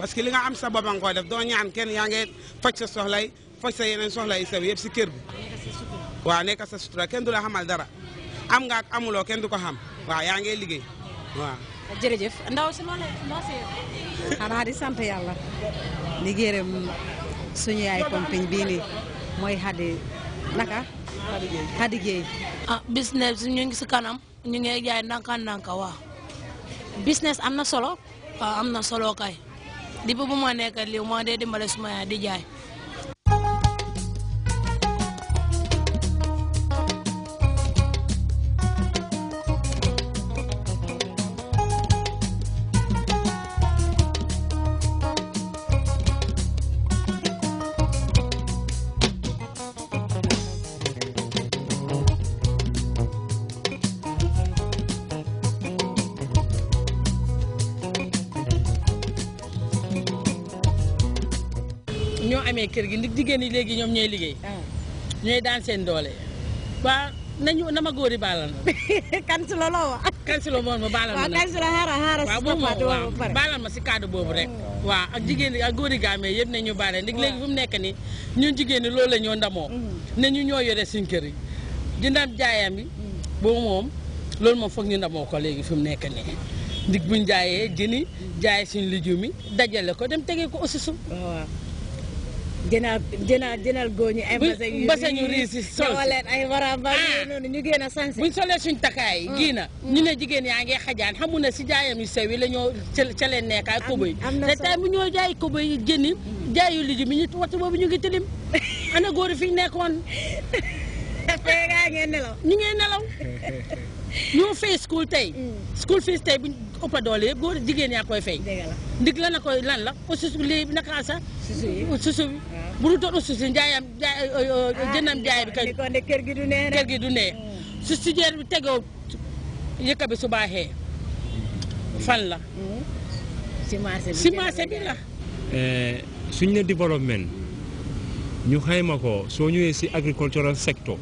parce que li nga am sa bopp nga def doo ñaan kenn yaa ngi faj sa soxlay faj sa yeneen soxlay sew yëpp si kër bi waaw nekk sutura kenn du la xamal dara am nga ak amuloo kenn du ko xam waa yaa ngi liggéey waaw. jërëjëf ndaw si noonu xanaa di sant yàlla di gërëm suñu yaay compagnie bii nii mooy Xadi naka. Xadi Géey ah business ñu ngi si kanam ñu ngi jaay ndànka ndànka waaw business am na solo waaw ah, am na solo kay. di bu ma nekk lii moo dee dimbale suma yaay di jaay. ñoo amee kër gi ndig jigéen ñi léegi ñoom ñooy liggéey. Ah. ñooy daan seen doole waa na nama góori baalal ma. kansilo loo wax. kansilo moom ma baalal ma la si boppam ma si kaddu boobu rek. Mm. waaw ak jigéen ñi ak góori gaame yëpp nañu baale ndig léegi fu mu nekk nii ñun jigéen ñi loolu la ñoo ndamoo. Mm. nañu ñoo yore suñ kër yi dinaam jaayam bi. Mm. boobu moom loolu moom foog ñu ndamoo ko léegi fi mu nekk nii. ndig buñ jaayee jëni jaay suñ lijum yi dajale ko dem tegee ko aussi su. jënal jënal jënal góor ñi ay mbasin yu riis yi sol leen ay waramba ah. noonu ñu génn a sanse buñ solee suñ takkaay mm. gii na mm. ñu ne jigéen yaa ngi xajaan xamu ne si jaayam yu sew yi la ñoo ca leen nekk ay koboy te tay bu ñoo jaay koboy jëni mm. jaayu liji mi ñu waxtu boobu ñu ngi tilim ana góor yi fi nekkoon gaa ngeen nelaw ñu ngeen nelaw ñoo fay school tey mm. school fees tey buñ ëpp a doole yëpp góor jigéen yaa koy fay ndig la na koy lan la ausus lii naka sax susu bi bu du toon ausus njaayam euh, euh, euh, ah, jëndam kër gi du du nee mm. su sujeer bi tegoo yëkka bi su baaxee mm. fan la si marché bi la eh, suñ ne développement ñu xayma ko soo ñëwee si agricultural sector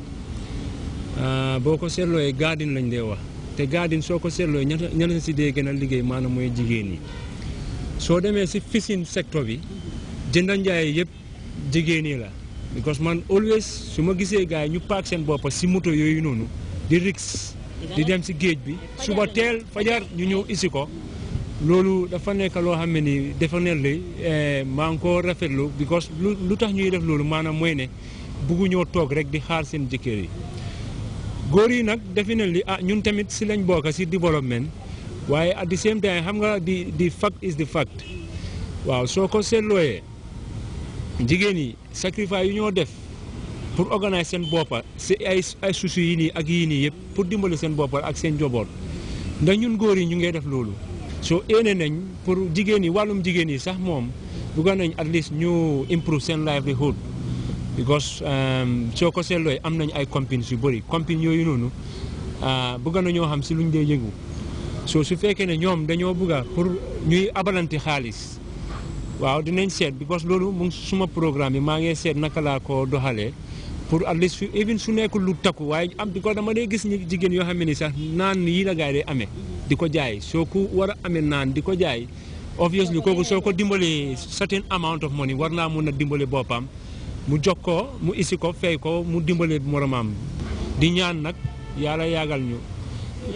Euh, boo ko seetlooyee gaadin lañ dee wax te gaadin soo ko seetlooyee ñeneen si dee gën a liggéey maanaam mooy jigéen ñi soo demee si fishing sector bi jënd njaay yëpp jigéen ñi la because man always su ma gisee gars ñu paak seen boppa si moto yooyu noonu di rigs di dem si géej bi suba teel fajar ñu ñëw isi ko loolu dafa nekk loo xam ne ni dafa ne li eh, maa ko rafetlu because tax ñuy def loolu maanaam mooy ne buggu ñoo toog rek di xaar seen jëkkër yi góor yi nag defe na li ah ñun tamit si lañ bokk si développement waaye at the same time xam nga di di fact is the fact waaw soo ko seetlooyee jigéen yi sacrifice yu ñoo def pour organiser seen boppa si ay ay susu yi nii ak yii nii yëpp pour dimbali seen boppa ak seen njaboot ndax ñun góor yi ñu ngey def loolu soo éene nañ pour jigéen yi wàllum jigéen yi sax moom bëgg nañ at least ñu improve seen livelihood because um, soo ko seetlooy am nañ ay compagnies yu bëri compagnie yooyu noonu ah, bëgg nañoo xam si lu luñ dee yëngu soo su fekkee ne ñoom dañoo bëgga pour ñuy abalante xaalis waaw di dinañ seet because loolu mu suma programme bi maa ngi seet naka laa ko doxalee pour at least even su nekkul lu takk waaye am di ko dama dee gis jigéen yoo xam ne sax naan yi la gars yi dee amee di ko jaay soo ku war a amee naan di ko jaay obviously kooku soo ko dimbalee certain amount of money war naa mun a dimbale boppam mu jox ko mu isi ko fay ko mu dimbalé moromam di ñaan nak yalla yagal ñu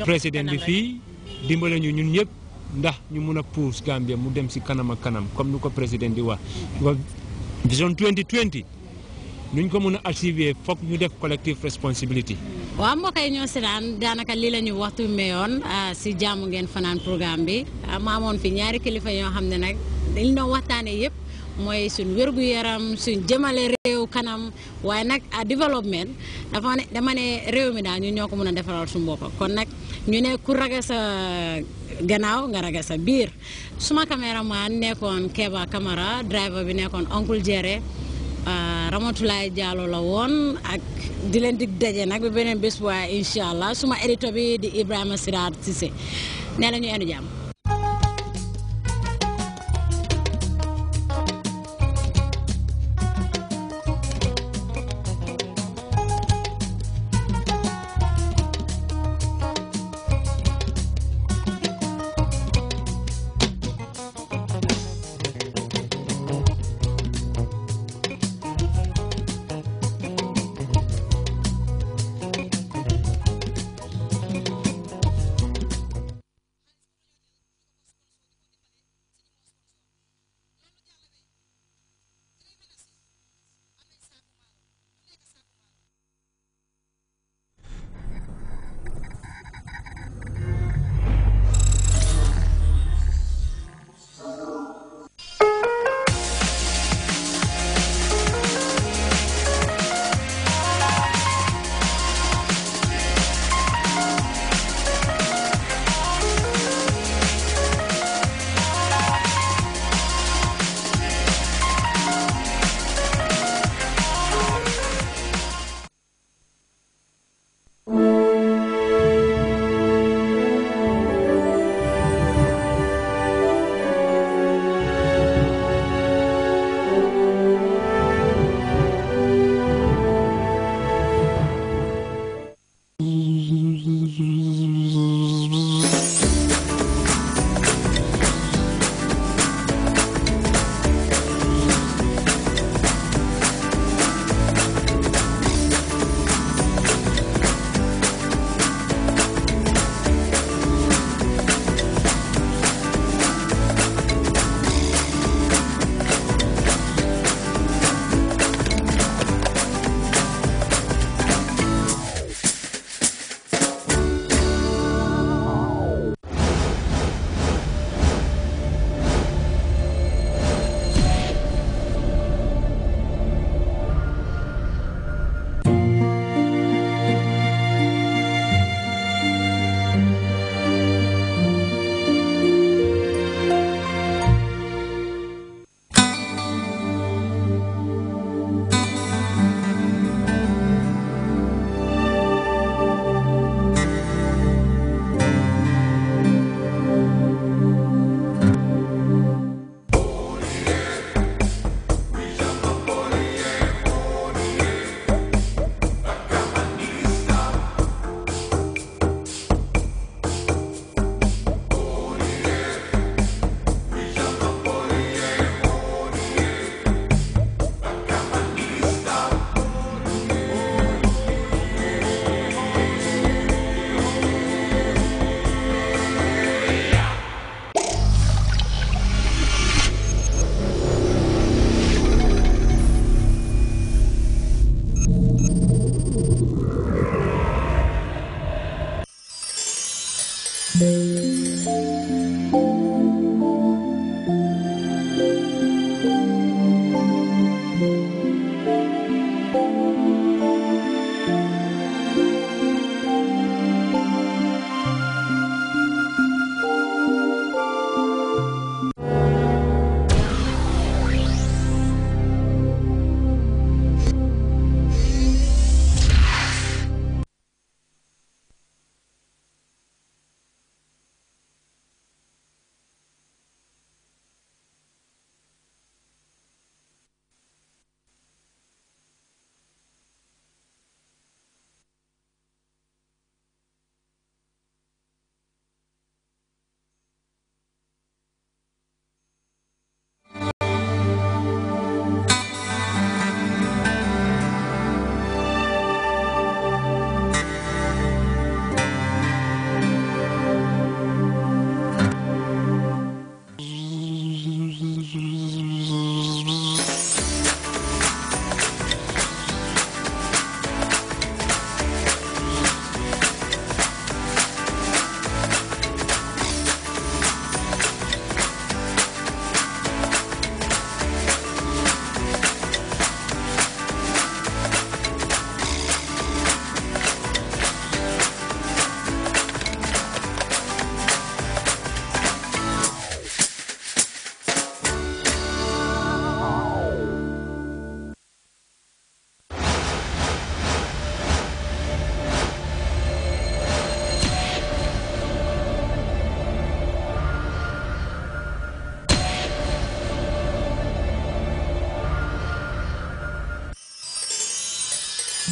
président bi fi dimbalé ñu ñun ñepp ndax ñu mëna pous Gambia mu dem ci kanam ak kanam comme ni président di wax vision 2020 nuñ ko mëna a activer ñu def collective responsibility wa mbokk yi ñoo seetaan daanaka li lañu waxtu meyon ah, si jamu ngeen fanaan programme bi ah, ma fi ñaari kilifa yoo xamne nak dañ no waxtane yépp mooy suñ wérgu yaram suñ jëmale réew kanam waaye nag à ah, développement dafa ne dama ne réew mi daal ñu ñoo ko mën a defaral suñu bopp kon nag ñu ne ku ragal sa gannaaw nga ragal sa biir suma caméraman nekkoon Keba kamara driver bi nekkoon oncle Jere ah, Ramatulaay Diallo woon ak di leen dig daje nag bi beneen bés waaye incha allah suma édito bi di Ibrahima Sirar si nee na ñu enu jàmm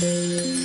Música